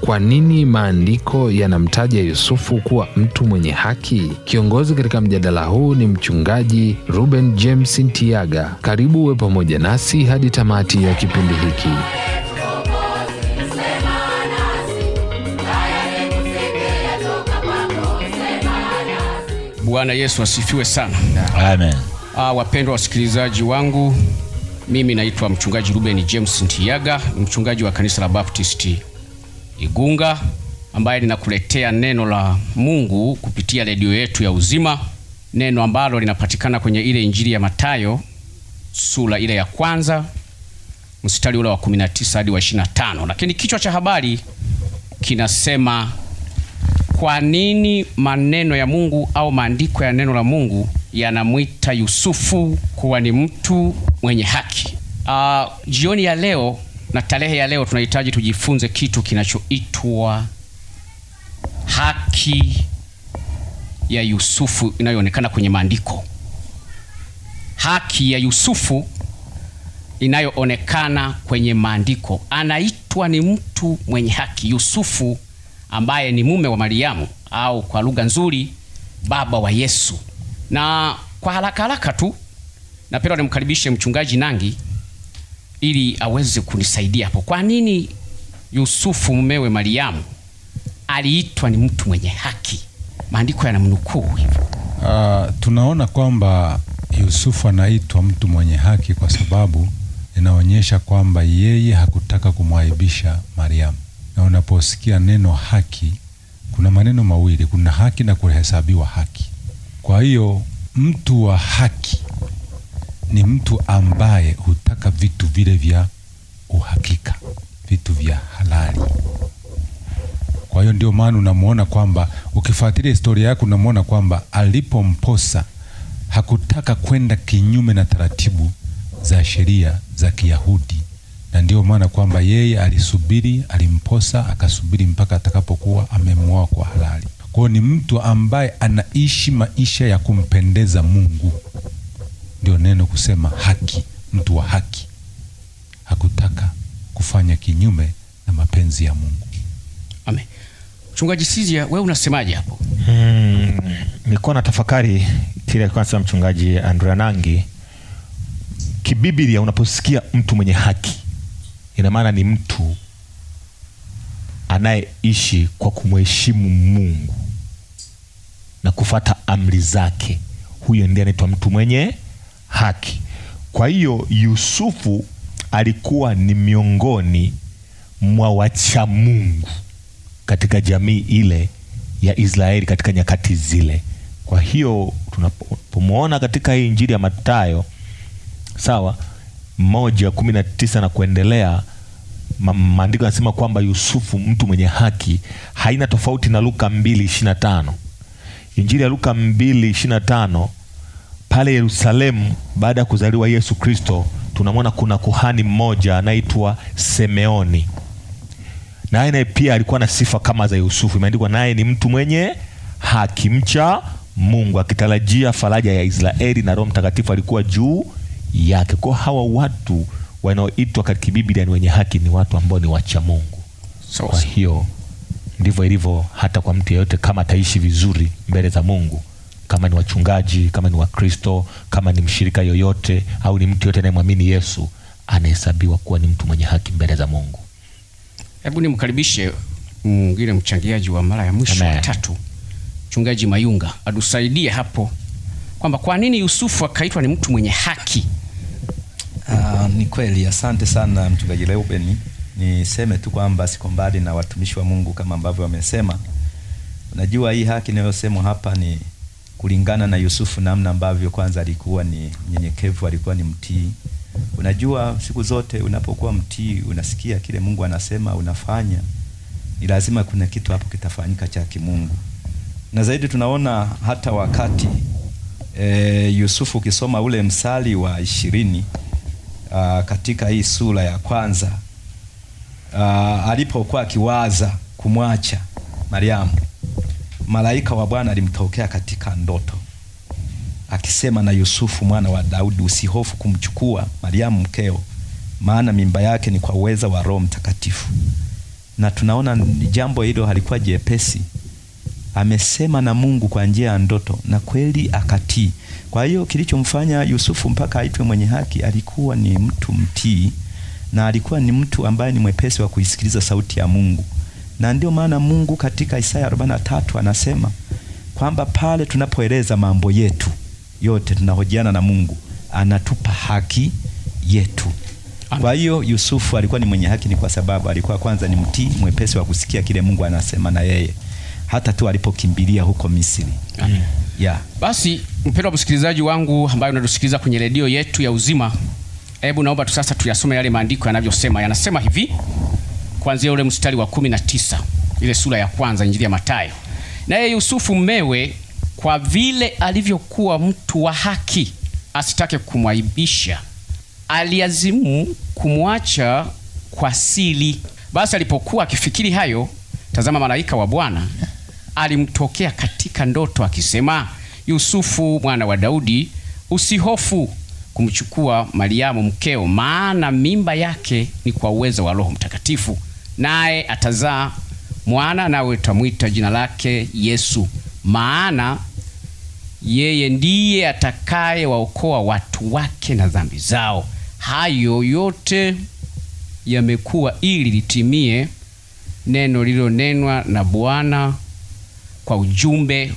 kwa nini maandiko yanamtaja Yusufu kuwa mtu mwenye haki? Kiongozi katika mjadala huu ni mchungaji Ruben James ntiaga Karibu uwe pamoja nasi hadi tamati ya kipindi hiki. Bwana Yesu asifiwe sana. Amen. Ah, wapendwa wasikilizaji wangu, mimi naitwa mchungaji Ruben James Ntiaga, mchungaji wa kanisa la Baptisti Igunga ambaye linakuletea neno la Mungu kupitia redio yetu ya Uzima, neno ambalo linapatikana kwenye ile Injili ya matayo sura ile ya kwanza mstari ule wa 19 hadi wa 25, lakini kichwa cha habari kinasema kwa nini maneno ya Mungu au maandiko ya neno la Mungu yanamwita Yusufu kuwa ni mtu mwenye haki? Uh, jioni ya leo na tarehe ya leo tunahitaji tujifunze kitu kinachoitwa haki ya Yusufu inayoonekana kwenye maandiko, haki ya Yusufu inayoonekana kwenye maandiko. Anaitwa ni mtu mwenye haki, Yusufu ambaye ni mume wa Mariamu, au kwa lugha nzuri baba wa Yesu. Na kwa haraka haraka tu napenda nimkaribishe mchungaji Nangi ili aweze kunisaidia hapo. Kwa nini Yusufu mumewe Mariamu aliitwa ni mtu mwenye haki? Maandiko yanamnukuu hivyo. Uh, tunaona kwamba Yusufu anaitwa mtu mwenye haki kwa sababu inaonyesha kwamba yeye hakutaka kumwaibisha Mariamu. Na unaposikia neno haki, kuna maneno mawili, kuna haki na kuhesabiwa haki. Kwa hiyo mtu wa haki ni mtu ambaye hutaka vitu vile vya uhakika, vitu vya halali. Kwa hiyo ndio maana unamwona kwamba ukifuatilia historia yako unamwona kwamba alipomposa hakutaka kwenda kinyume na taratibu za sheria za Kiyahudi, na ndio maana kwamba yeye alisubiri, alimposa akasubiri mpaka atakapokuwa amemwoa kwa halali. Kwa hiyo ni mtu ambaye anaishi maisha ya kumpendeza Mungu ndio neno kusema haki. Mtu wa haki hakutaka kufanya kinyume na mapenzi ya Mungu. Amen. Mchungaji Sizia, wewe unasemaje hapo? Hmm, nilikuwa na tafakari kile kwanza mchungaji Andrea Nangi. Kibiblia unaposikia mtu mwenye haki, ina maana ni mtu anayeishi kwa kumheshimu Mungu na kufata amri zake. Huyo ndiye anaitwa mtu mwenye haki. Kwa hiyo Yusufu alikuwa ni miongoni mwa wacha Mungu katika jamii ile ya Israeli katika nyakati zile. Kwa hiyo tunapomwona katika hii Injili ya Mathayo sawa moja kumi na tisa na kuendelea, maandiko yanasema kwamba Yusufu mtu mwenye haki, haina tofauti na Luka mbili ishirini na tano. Injili ya Luka mbili ishirini na tano pale Yerusalemu baada ya kuzaliwa Yesu Kristo, tunamwona kuna kuhani mmoja anaitwa Simeoni, naye naye pia alikuwa na sifa kama za Yusufu. Imeandikwa naye ni mtu mwenye haki, mcha Mungu, akitarajia faraja ya Israeli, na Roho Mtakatifu alikuwa juu yake. Kwa hawa watu wanaoitwa katika Biblia ni wenye haki, ni watu ambao ni wacha Mungu. Kwa hiyo ndivyo ilivyo hata kwa mtu yeyote, kama ataishi vizuri mbele za Mungu kama ni wachungaji, kama ni Wakristo, kama ni mshirika yoyote au ni mtu yoyote anayemwamini Yesu anahesabiwa kuwa ni mtu mwenye haki mbele za Mungu. Hebu nimkaribishe mwingine mchangiaji wa mara ya mwisho ya tatu, mchungaji Mayunga atusaidie hapo kwamba kwa nini Yusufu akaitwa ni mtu mwenye haki. Uh, ni kweli. Asante sana mchungaji Reuben. Niseme tu kwamba siko mbali na watumishi wa Mungu kama ambavyo wamesema. Unajua, hii haki inayosemwa hapa ni kulingana na Yusufu, namna ambavyo kwanza alikuwa ni mnyenyekevu, alikuwa ni mtii. Unajua, siku zote unapokuwa mtii, unasikia kile Mungu anasema, unafanya, ni lazima kuna kitu hapo kitafanyika cha kimungu. Na zaidi tunaona hata wakati e, Yusufu, ukisoma ule msali wa ishirini a, ah, katika hii sura ya kwanza ah, alipokuwa akiwaza kumwacha Mariamu malaika wa Bwana alimtokea katika ndoto akisema, na Yusufu mwana wa Daudi, usihofu kumchukua Mariamu mkeo, maana mimba yake ni kwa uweza wa Roho Mtakatifu. Na tunaona jambo hilo halikuwa jepesi, amesema na Mungu kwa njia ya ndoto na kweli akatii. Kwa hiyo kilichomfanya Yusufu mpaka aitwe mwenye haki, alikuwa ni mtu mtii na alikuwa ni mtu ambaye ni mwepesi wa kuisikiliza sauti ya Mungu na ndio maana Mungu katika Isaya 43 anasema kwamba pale tunapoeleza mambo yetu yote, tunahojiana na Mungu, anatupa haki yetu. Kwa hiyo Yusufu alikuwa ni mwenye haki, ni kwa sababu alikuwa kwanza ni mtii, mwepesi wa kusikia kile Mungu anasema na yeye, hata tu alipokimbilia huko Misri. Amen. Yeah. Basi mpendwa msikilizaji wangu ambaye unatusikiliza kwenye redio yetu ya Uzima, hebu naomba tu sasa tuyasome yale maandiko yanavyosema. Yanasema hivi kuanzia ule mstari wa tisa ile sura ya kwanza injili ya Mathayo. Naye Yusufu mmewe, kwa vile alivyokuwa mtu wa haki, asitake kumwaibisha, aliazimu kumwacha kwa siri. Basi alipokuwa akifikiri hayo, tazama, malaika wa Bwana alimtokea katika ndoto akisema, Yusufu mwana wa Daudi, usihofu kumchukua Mariamu mkeo, maana mimba yake ni kwa uwezo wa Roho Mtakatifu naye atazaa mwana, nawe utamwita jina lake Yesu, maana yeye ndiye atakaye waokoa watu wake na dhambi zao. Hayo yote yamekuwa ili litimie neno lililonenwa na Bwana kwa ujumbe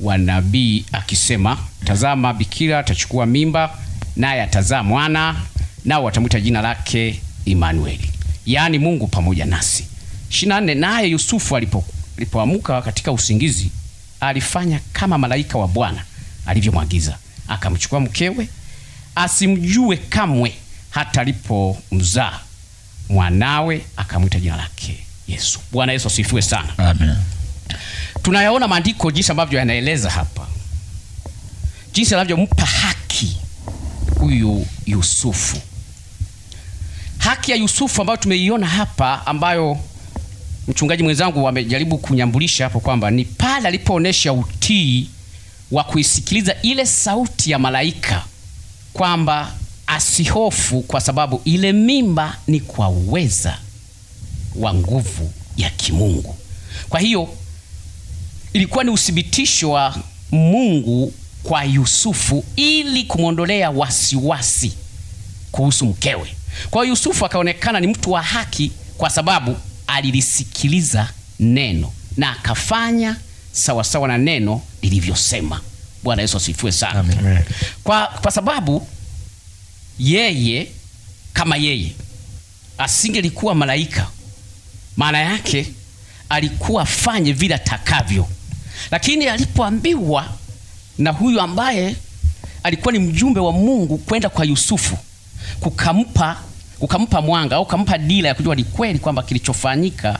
wa nabii akisema, tazama, bikira atachukua mimba, naye atazaa mwana, nao watamwita jina lake Imanueli yaani Mungu pamoja nasi. ishirini na nne naye Yusufu alipoamka katika usingizi alifanya kama malaika wa Bwana alivyomwagiza, akamchukua mkewe asimjue kamwe hata alipomzaa mwanawe akamwita jina lake Yesu. Bwana Yesu asifiwe sana, amen. Tunayaona maandiko jinsi ambavyo yanaeleza hapa jinsi anavyompa haki huyu Yusufu haki ya Yusufu ambayo tumeiona hapa, ambayo mchungaji mwenzangu amejaribu kunyambulisha hapo kwamba ni pale alipoonesha utii wa kuisikiliza ile sauti ya malaika kwamba asihofu, kwa sababu ile mimba ni kwa uweza wa nguvu ya kimungu. Kwa hiyo ilikuwa ni uthibitisho wa Mungu kwa Yusufu ili kumwondolea wasiwasi kuhusu mkewe. Kwa hiyo Yusufu akaonekana ni mtu wa haki kwa sababu alilisikiliza neno na akafanya sawasawa na neno lilivyosema. Bwana Yesu asifiwe sana. Amen. Kwa, kwa sababu yeye kama yeye asingelikuwa malaika, maana yake alikuwa afanye vile atakavyo, lakini alipoambiwa na huyu ambaye alikuwa ni mjumbe wa Mungu kwenda kwa Yusufu kukampa kukampa mwanga au kampa dira ya kujua ni kweli kwamba kilichofanyika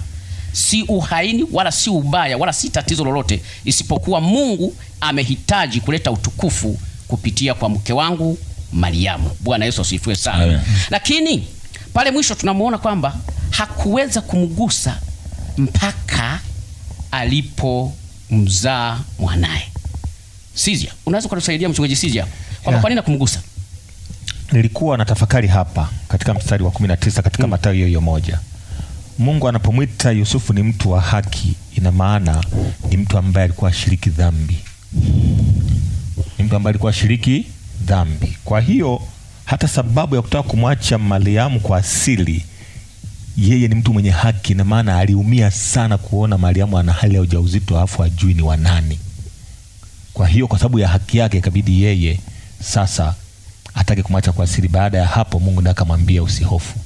si uhaini wala si ubaya wala si tatizo lolote, isipokuwa Mungu amehitaji kuleta utukufu kupitia kwa mke wangu Mariamu. Bwana Yesu asifiwe sana. Amen. Lakini pale mwisho tunamwona kwamba hakuweza kumgusa mpaka alipomzaa mwanaye. Sizia, unaweza kutusaidia mchungaji Sizia kwamba kwa nini nakumgusa? nilikuwa na tafakari hapa katika mstari wa 19 katika mm. Mathayo hiyo moja. Mungu anapomwita Yusufu ni mtu wa haki, ina maana ni mtu ambaye alikuwa ashiriki dhambi, ni mtu ambaye alikuwa ashiriki dhambi. Kwa hiyo hata sababu ya kutaka kumwacha Mariamu kwa asili, yeye ni mtu mwenye haki, na maana aliumia sana kuona Mariamu ana hali ya ujauzito afu ajui ni wanani. Kwa hiyo kwa sababu ya haki yake ikabidi yeye sasa hataki kumwacha kwa siri. Baada ya hapo, Mungu ndiye akamwambia usihofu,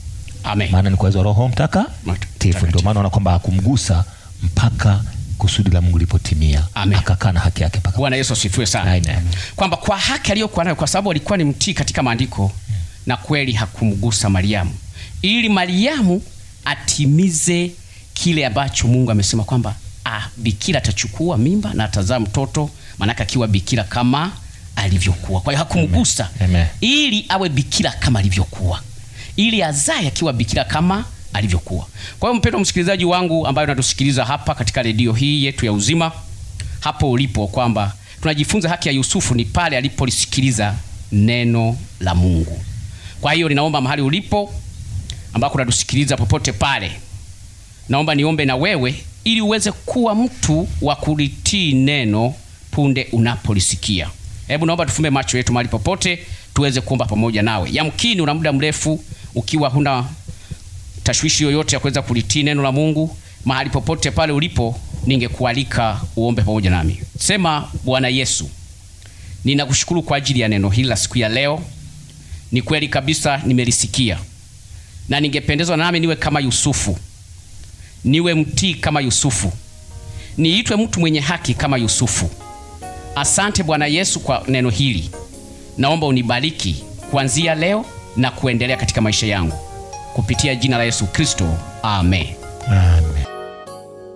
amen, maana ni kwa hizo Roho Mtakatifu. Ndio maana ona kwamba hakumgusa mpaka kusudi la Mungu lipotimia, akakaa na haki yake mpaka. Bwana Yesu asifiwe sana, amen, kwamba kwa haki aliyokuwa nayo, kwa sababu alikuwa ni mtii katika maandiko hmm, na kweli hakumgusa Mariamu ili Mariamu atimize kile ambacho Mungu amesema kwamba ah, bikira atachukua mimba na atazaa mtoto, maanake akiwa bikira kama alivyokuwa. Kwa hiyo hakumgusa ili awe bikira kama alivyokuwa, ili azae akiwa bikira kama alivyokuwa. Kwa hiyo mpendwa msikilizaji wangu ambaye unatusikiliza hapa katika redio hii yetu ya uzima, hapo ulipo, kwamba tunajifunza haki ya Yusufu ni pale alipolisikiliza neno la Mungu. Kwa hiyo ninaomba mahali ulipo ambako unatusikiliza popote pale, naomba niombe na wewe ili uweze kuwa mtu wa kulitii neno punde unapolisikia. Hebu naomba tufumbe macho yetu mahali popote tuweze kuomba pamoja nawe. Yamkini una muda mrefu ukiwa huna tashwishi yoyote ya kuweza kulitii neno la Mungu. Mahali popote pale ulipo, ningekualika uombe pamoja nami. Sema, Bwana Yesu, ninakushukuru kwa ajili ya neno hili la siku ya leo. Ni kweli kabisa nimelisikia, na ningependezwa nami niwe kama Yusufu, niwe mtii kama Yusufu, niitwe mtu mwenye haki kama Yusufu Asante Bwana Yesu kwa neno hili, naomba unibariki kuanzia leo na kuendelea katika maisha yangu kupitia jina la Yesu Kristo, amen, amen.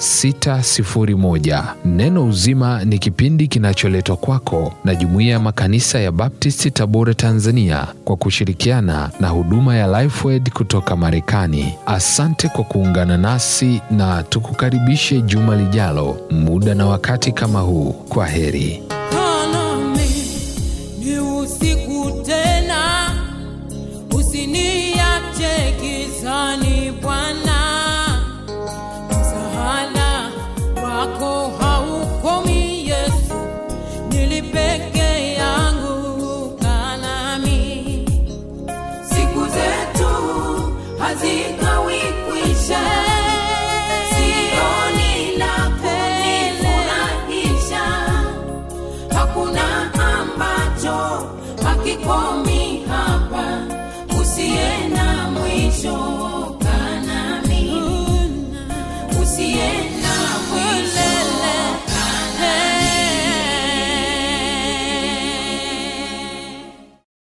601. Neno Uzima ni kipindi kinacholetwa kwako na Jumuiya ya Makanisa ya Baptisti Tabora, Tanzania, kwa kushirikiana na huduma ya Lifewed kutoka Marekani. Asante kwa kuungana nasi na tukukaribishe juma lijalo, muda na wakati kama huu. Kwa heri.